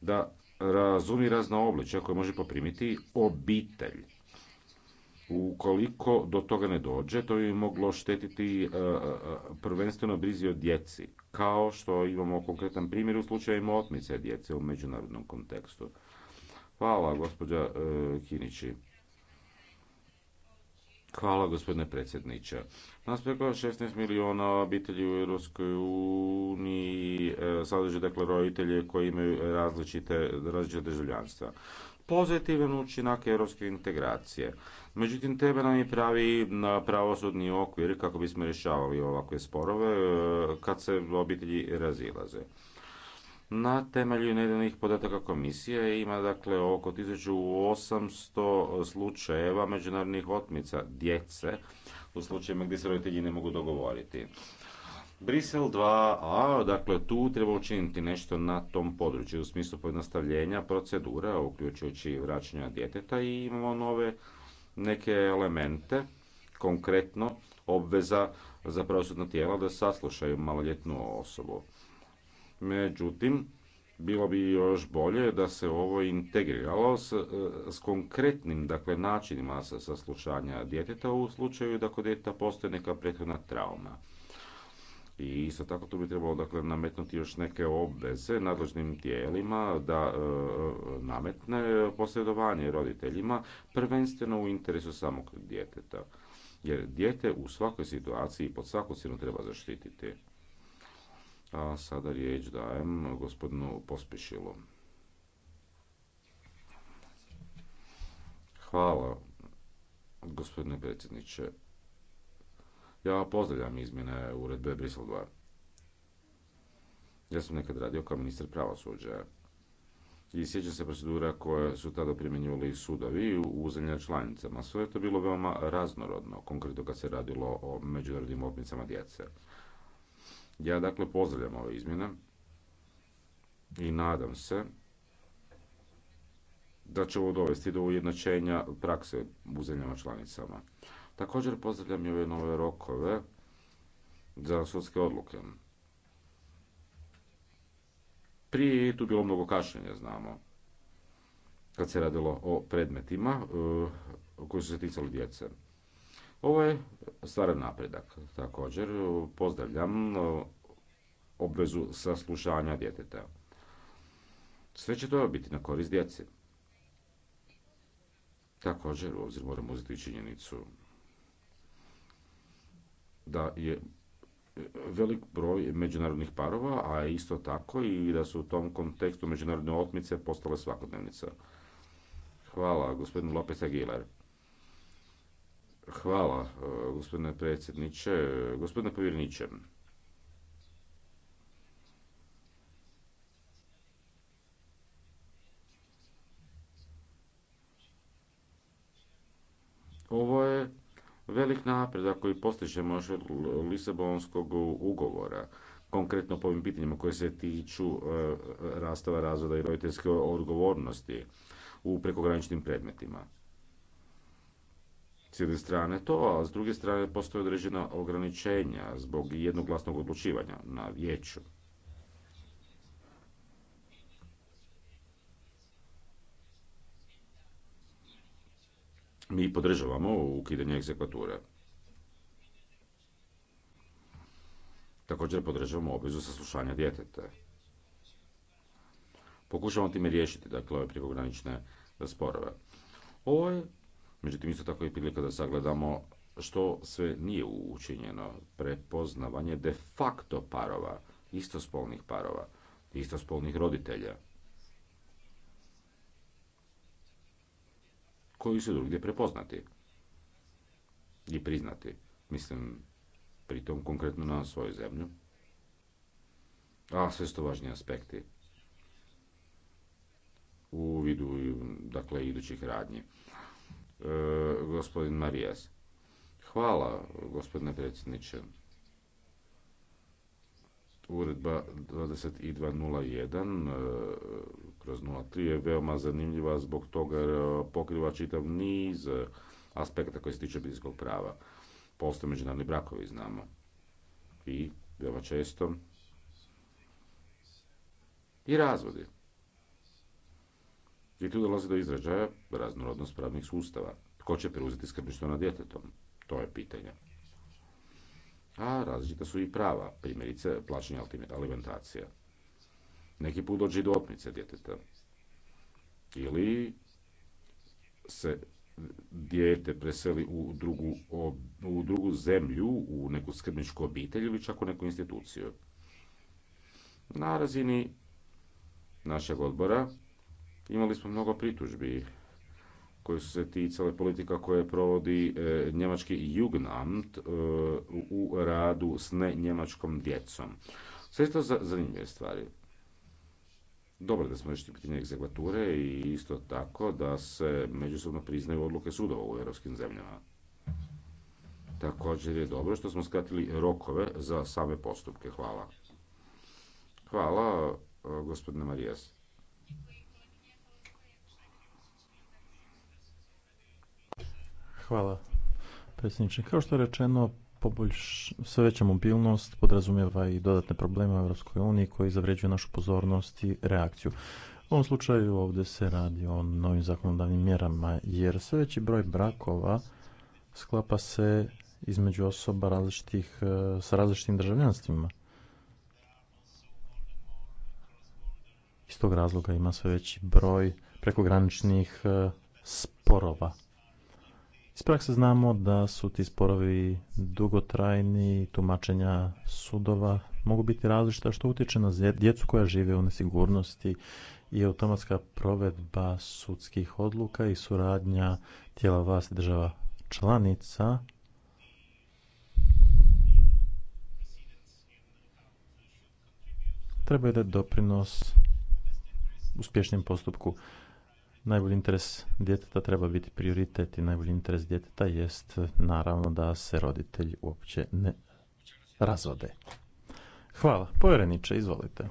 da razumi razna obličja koje može poprimiti obitelj. Ukoliko do toga ne dođe, to bi moglo štetiti e, e, prvenstveno brizi o djeci, kao što imamo konkretan primjer u slučaju otmice djece u međunarodnom kontekstu. Hvala, gospođa e, Kinići. Hvala gospodine predsjedniče. Nas preko 16 milijuna obitelji u Europskoj uniji e, sadrži dakle roditelje koji imaju različite, različite državljanstva. Pozitivan učinak europske integracije. Međutim, tebe nam je pravi pravosudni okvir kako bismo rješavali ovakve sporove e, kad se obitelji razilaze. Na temelju nedavnih podataka komisije ima dakle oko 1800 slučajeva međunarodnih otmica djece u slučajevima gdje se roditelji ne mogu dogovoriti. Brisel 2a, dakle tu treba učiniti nešto na tom području u smislu pojednostavljenja procedura, uključujući vraćanja djeteta i imamo nove neke elemente, konkretno obveza za pravosudna tijela da saslušaju maloljetnu osobu. Međutim, bilo bi još bolje da se ovo integriralo s, e, konkretnim dakle, načinima saslušanja djeteta u slučaju da kod djeteta postoji neka prethodna trauma. I isto tako tu bi trebalo dakle, nametnuti još neke obveze nadležnim tijelima da e, e, nametne posredovanje roditeljima prvenstveno u interesu samog djeteta. Jer dijete u svakoj situaciji pod svaku cijenu treba zaštititi. A sada riječ dajem gospodinu Pospišilu. Hvala, gospodine predsjedniče. Ja pozdravljam izmjene uredbe Brisel 2. Ja sam nekad radio kao ministar pravosuđa i sjećam se procedura koje su tada primjenjivali sudovi u zemljama članicama. Sve je to bilo veoma raznorodno, konkretno kad se radilo o međunarodnim opnicama djece. Ja dakle pozdravljam ove izmjene i nadam se da će ovo dovesti do ujednačenja prakse u zemljama članicama. Također pozdravljam i ove nove rokove za sudske odluke. Prije je tu bilo mnogo kašnjenja, znamo, kad se radilo o predmetima eh, koji su se ticali djece. Ovo je stvaran napredak. Također pozdravljam e, obvezu saslušanja djeteta. Sve će to biti na korist djeci. Također, u obzir moramo uzeti činjenicu da je velik broj međunarodnih parova, a isto tako i da su u tom kontekstu međunarodne otmice postale svakodnevnica. Hvala, gospodinu Lopez Aguilar. Hvala, e, gospodine predsjedniče. Gospodine povjerniče, Ovo je velik napredak koji postižemo još od Lisabonskog ugovora. Konkretno po ovim pitanjima koje se tiču e, rastava razvoda i roditeljske odgovornosti u prekograničnim predmetima s jedne strane to, a s druge strane postoje određena ograničenja zbog jednoglasnog odlučivanja na vijeću. Mi podržavamo ukidanje egzekvature. Također podržavamo obvezu saslušanja djeteta. Pokušavamo time riješiti dakle, ove prekogranične sporove. Ovo je Međutim, isto tako je prilika da sagledamo što sve nije učinjeno. Prepoznavanje de facto parova, istospolnih parova, istospolnih roditelja, koji su drugdje prepoznati i priznati. Mislim, pritom konkretno na svoju zemlju. A sve su to važni aspekti u vidu, dakle, idućih radnji. E, gospodin Marijas. Hvala, gospodine predsjedniče. Uredba 2201 e, kroz 03 je veoma zanimljiva zbog toga jer pokriva čitav niz e, aspekta koji se tiče obiteljskog prava. Postoje međunarodni brakovi, znamo. I veoma često i razvodi. I tu dolazi do izražaja raznorodnost pravnih sustava. Tko će preuzeti skrbništvo nad djetetom? To je pitanje. A različita su i prava, primjerice plaćanje alimentacija. Neki put dođe i do otmice djeteta. Ili se dijete preseli u drugu, u drugu zemlju, u neku skrbničku obitelj ili čak u neku instituciju. Na razini našeg odbora Imali smo mnogo pritužbi koje su se ticale politika koje provodi e, njemački e, u radu s ne njemačkom djecom. Sve to za zanimljive stvari. Dobro da smo rešili pitanje egzekvature i isto tako da se međusobno priznaju odluke sudova u europskim zemljama. Također je dobro što smo skratili rokove za same postupke. Hvala. Hvala, e, gospodine Marijas. Hvala, predsjedniče. Kao što je rečeno, sve veća mobilnost podrazumijeva i dodatne probleme u Europskoj uniji koji zavređuju našu pozornost i reakciju. U ovom slučaju ovdje se radi o novim zakonodavnim mjerama, jer sve veći broj brakova sklapa se između osoba različitih, e, sa različitim državljanstvima. Iz tog razloga ima sve veći broj prekograničnih e, sporova. Iz prakse znamo da su ti sporovi dugotrajni, tumačenja sudova mogu biti različita što utječe na djecu koja žive u nesigurnosti i automatska provedba sudskih odluka i suradnja tijela vlasti država članica trebaju da doprinos uspješnijem postupku najbolji interes djeteta treba biti prioritet i najbolji interes djeteta jest naravno da se roditelji uopće ne razvode. Hvala. Povjereniče, izvolite.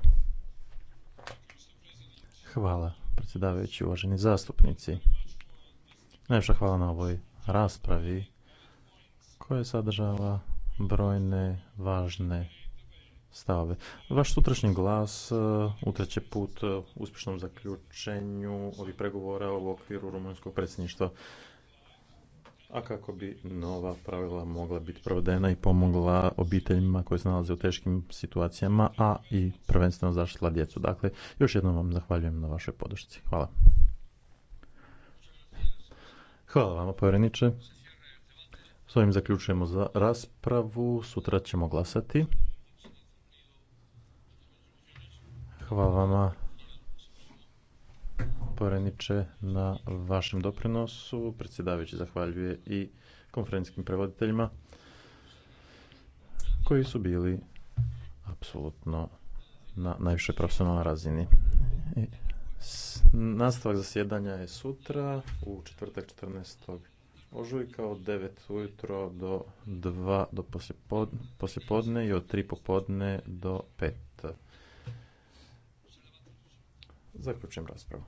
Hvala, predsjedavajući, uvaženi zastupnici. Najviše hvala na ovoj raspravi koja sadržava brojne važne stave. Vaš sutrašnji glas eh, utreće put eh, uspješnom zaključenju ovih pregovora u okviru rumunjskog predsjedništva a kako bi nova pravila mogla biti provedena i pomogla obiteljima koji se nalaze u teškim situacijama, a i prvenstveno zaštitila djecu. Dakle, još jednom vam zahvaljujem na vašoj podršci. Hvala. Hvala vama, povjereniče. S ovim zaključujemo za raspravu. Sutra ćemo glasati. Hvala vama, poreniče, na vašem doprinosu. Predsjedavajući zahvaljuje i konferencijskim prevoditeljima koji su bili apsolutno na najvišoj profesionalnoj razini. Nastavak zasjedanja je sutra u četvrtak 14. ožujka od 9 ujutro do 2 do poslijepodne i od 3 popodne do 5. Zaključujem raspravu.